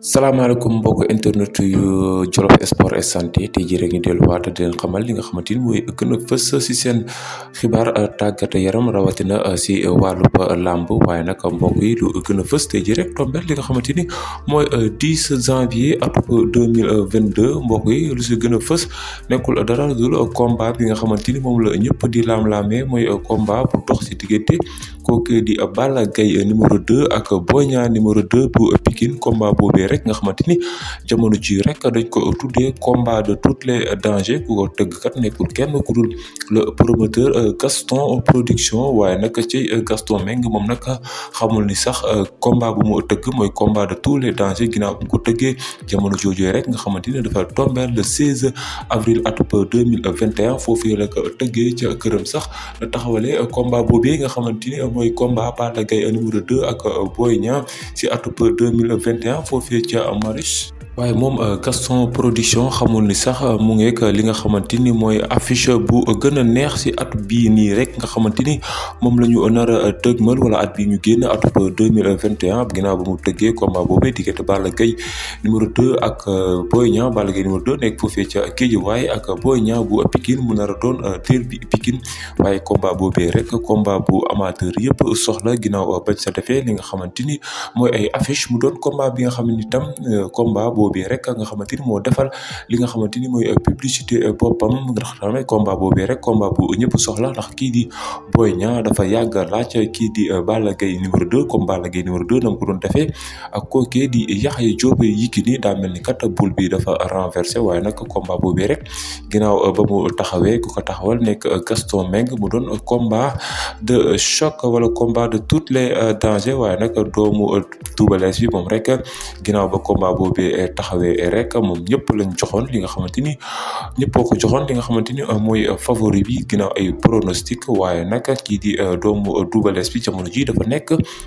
salaamaaleykum mbokk internet yu Jolof sport et santé tey jii rek ñu delluwaat di leen xamal li nga xamante ni mooy gën a fës si seen xibaar tàggat yaram rawatina euh, si wàllub euh, làmb waaye nag mbokk yi lu gën a fës tey ji rek tombé li nga xamante ni mooy 10 euh, janvier atum 2022 mbokk yi lu si gën a fës nekkul dara dul combat bi nga xamante ni moom la ñëpp di laam-laamee mooy komba bu dox si diggante kooku di Balla Gaye numéro 2 ak Boy Niang numéro 2 bu Pikine combat boobee rek nga xamante ni jamono ji rek dañ ko tuddee combat de toutes les dangers ku ko tëgg kat nekkul kenn ku production waaye nag ci euh, Gaston Mbengue moom nag euh, xamul ni sax euh, combat bu mu tëgg mooy combat de tous les dangers ginnaaw bu ko tëggee jamono jooju rek nga xamante ni dafa tombé le 16 avril atub 2021 foofii la ko tëggee ca këram sax la taxawalee combat boobee nga xamante ni mooy combat Balla Gaye numéro 2 ak Boy vingt ci atub 2021 foofii a Maris waaye moom euh, Gaston production xamul ni sax euh, mu ngeek euh, li nga xamante ni mooy affiche bu gën a neex si at bii nii rek nga xamante ni moom la ñu nar a dëgmal wala at bii ñu génn atub 2021 ginnaaw ba mu tëggee combat boobee diggante Balla Gaye numéro 2 ak Boy Niang Balla Gaye numéro 2 nekk foofee ca Guédiawaye ak Boy Niang bu Pikine mu nar a doon derby Pikine waaye combat boobee rek combat bu amateur yëpp soxla ginnaaw bañ sa li nga xamante ni mooy ay affiche mu doon combat bi nga xam ni tam combat boobee rek nga xamante ni moo defal li nga xamante ni mooy publicité boppam ndax tamit combat boobee rek combat bu ñëpp soxla ndax kii di Boy Niang dafa yàgg laaj kii di Balla Gaye numéro 2 comme Balla Gaye numéro 2 na mu ko doon defee a kookee di Yaxya Diop Yékini mel ni kat boule bi dafa renversé waaye nag combat boobee rek ginnaaw ba mu taxawee ku ko taxawal nekk Gaston Mbengue mu doon combat de choc wala combat de toutes les dangers waaye nag doomu. Double Less bi moom rek ginnaaw ba combat boobu eh, li nga xamante ni ñëppoo ko joxoon li nga ni eh, mooy eh, favori bi ginnaaw ay pronostic waaye nag kii di doomu Double Less bi jamono ji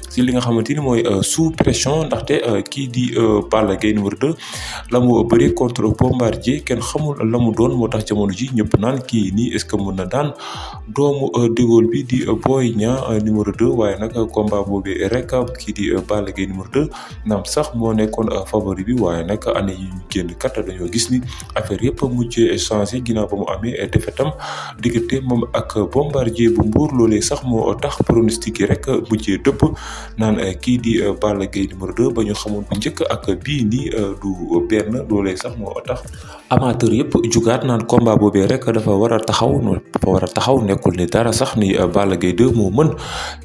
si li nga xamante ni mooy sous pression ndaxte kii di Balla Gaye numéro 2 la mu bëri contre Bombardier kenn xamul la mu moo tax jamono ji ñëpp na daan doomu dégool bi di Boy Niang numéro 2 waaye nag combat boobu rek kii di Balla numéro numéro sax moo nekkoon euh, favori bi waaye nag année yi ñu génn kat dañoo gis ni affaire yëpp mujjee changé ginaaw ba mu amee defetam diggante moom ak bombardier bu mbuur loolee sax moo tax pronostic yi rek mujjee dëpp naan euh, kii di euh, Balla Gaye numéro 2 ba ñu xamoon bu njëkk ak bii nii du benn loolee sax moo tax amateur yëpp jugaat naan combat boobee rek dafa war a taxaw dafa war a taxaw nekkul ni dara sax ni Balla Gaye 2 moo mën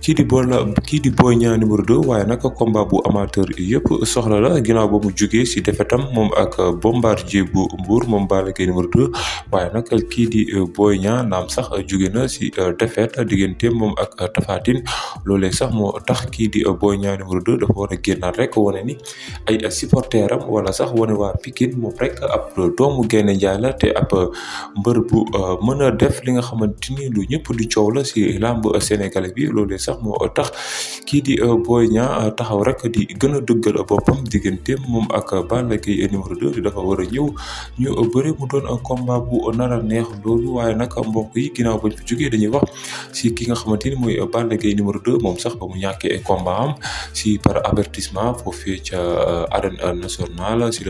kii di Boy kii di Boy Niang waaye nag combat bu amateur yëpp soxla la ginnaaw ba mu jugee si defetam moom ak bombardier bu Mbour moom Balla Gaye numéro waaye nag kii di euh, Boy Niang naam sax jugee na si euh, defet digganteem moom ak Tapha Tine sax moo tax kii di euh, Boy Niang numéro 2 dafa war a génnaat rek wane ni ay supporteram wala sax wane waa Pikine moom rek ab doomu Gaynde Njaay la te ab mbër bu mën a def li nga xamante ni lu ñëpp di coow la si làmb sénégalais bi loolee sax moo tax kii di Boy Niang taxaw rek. di gën a dëggal boppam digganteem moom ak Balla Gaye numéro 2 di dafa war a ñëw ñu bëri mu doon combat bu nar a neex loolu waaye nag mbokk yi ginnaaw bañ fi jógee dañuy wax si ki nga xamante ni mooy Balla Gaye numéro 2 moom sax ba mu ñàkkee combat am si par avertissement foofee ca euh, arène nationale si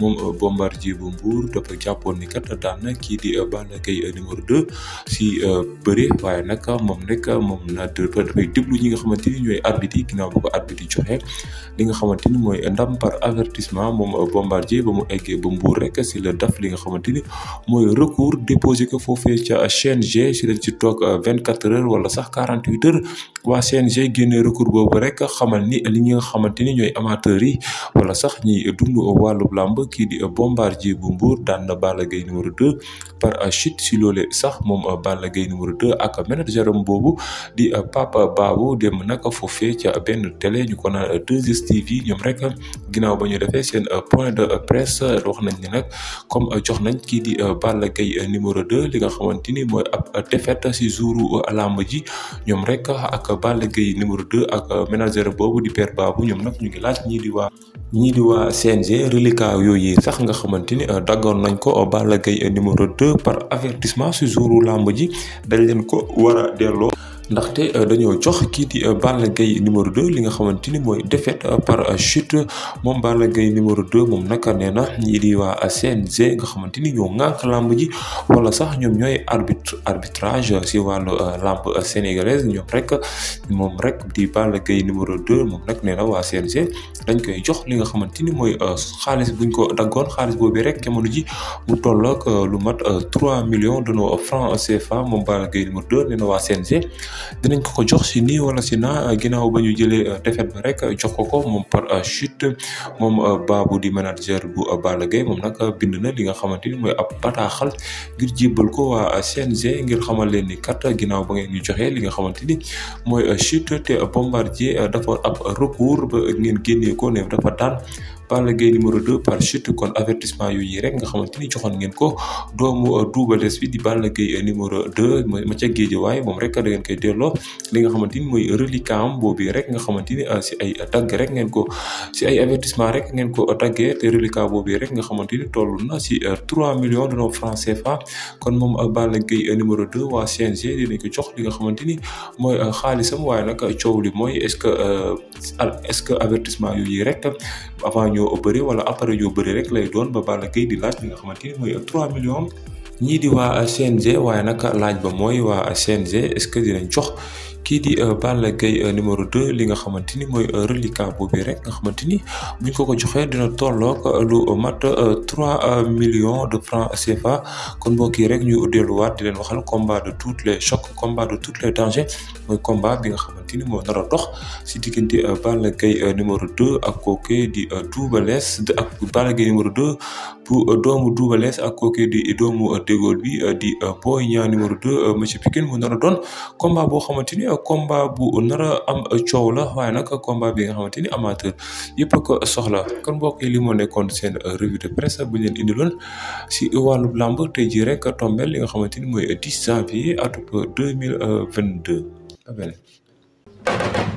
moom euh, bombardier bu dafa jàppoon euh, ñi nga xamante ñooy arbitre penalty ginnaaw ba ko arbitre joxe li nga xamante ni mooy ndam par avertissement moom Bombardier ba mu eggee ba Mbour rek si la daf li nga xamante ni mooy recours déposé ko foofee ca CNG la ci toog 24 heures wala sax 48 heures waa CNG génnee recours boobu rek xamal ni li nga xamante ni ñooy amateurs yi wala sax ñi dund wàllu làmb kii di Bombardier bu mbuur daan na Balla Gaye numéro 2 par chute si loolee sax moom Balla Gaye numéro 2 ak manager am boobu di Papa Babou dem nag foofee a benn télé ñu ko naan 2STV ñoom rek ginnaaw ba ñu defee seen point de presse wax nañ ni nag comme jox nañ kii di Balla Gaye numéro deux li nga xamante ni mooy ab défaite si jouru làmb ji ñoom rek ak Balla Gaye numéro 2 ak ménagère boobu di père Babou ñoom nag ñu ngi laaj ñii di waa ñii di waa CNG reliquat yooyu sax nga xamante ni daggoon nañ ko Balla Gaye numéro 2 par avertissement si jouru làmb ji dañ leen ko war a delloo ndaxte euh, dañoo jox kii di euh, Balla Gaye numéro 2 li nga xamante ni mooy défaite euh, par chute moom Balla Gaye numéro 2 moom naka nee na ñii di waa CNG nga xamante ni ñoo ŋànk làmb ji wala sax ñoom ñooy arbitre arbitrage si wàllu làmb sénégalaise ñoom rek moom rek di Balla Gaye numéro 2 moom nak nee na waa CNG dañ koy jox li nga xamante ni mooy xaalis buñ ko daggoon xaalis boobi rek jamono ji mu tollook lu mat 3 millions de nos francs CFA moom Balla Gaye numéro 2 nee waa CNG. dinañ ko jox si nii wala si na ginnaaw ba ñu jëlee euh, defet ba rek jox ko ko moom par euh, chute moom euh, Babou di manager bu Balla Gaye moom nag bind na li nga xamante ni mooy ab bataaxal ngir jébbal ko waa CNG ngir xamal leen ni kat ginnaaw ba ngeen ñu joxee li nga xamante ni mooy chute te bombardier dafa ab recours ba ngeen génnee ko ne dafa daan. Balla Gaye numéro 2 par chute kon avertissement yooyu rek nga xamante ni joxoon ko doomu Double Less bi di Balla Gaye numéro 2 ma ca géej waaye moom rek da ngeen koy delloo li nga xamante ni mooy reliquat am boobu rek nga xamante ni ah, si ay tagg rek ngeen ko si ay avertissement rek ngeen ko taggee te reliquat boobu rek nga xamante ni toll na si 3 ah, millions de francs CFA kon moom ah, Balla Gaye numéro 2 waa CNG dinañ ko jox li nga xamante ni mooy xaalisam waaye nag coow li mooy est-ce que est-ce que avertissement yooyu rek ñoo bëri wala appareil yoo bëri rek lay doon ba Balla Gaye di laaj li nga xamante ni mooy 3 millions ñii di waa CNG waaye nag laaj ba mooy waa CNG est-ce que dinañ jox kii di euh, Balla Gaye euh, numéro 2 li nga xamante ni mooy euh, reliquat boobu rek nga xamante ni buñ ko ko joxee dina tolloog lu mat 3 millions de francs fa kon boo kii rek ñu delluwaat di leen waxal combat de tous les chocs combat de tout les dangers mooy combat bi nga xamante ni moo nar a dox si diggante Balla Gaye numéro 2 ak kooku di Double Less ak Balla Gaye numéro 2 bu doomu Double Less ak kooku di doomu dégool bi di Boy Niang numéro d monsieur Pikine mu nar a combat bu nar am coow la waaye nag combat bi nga xamante ni amateur yëpp ko soxla kon mbokk yi li moo seen revue de presse bu ñu leen indiloon si wàllu làmb tey jii rek tombeel li nga xamante ni mooy 10 janvier atum 2022 ba beneen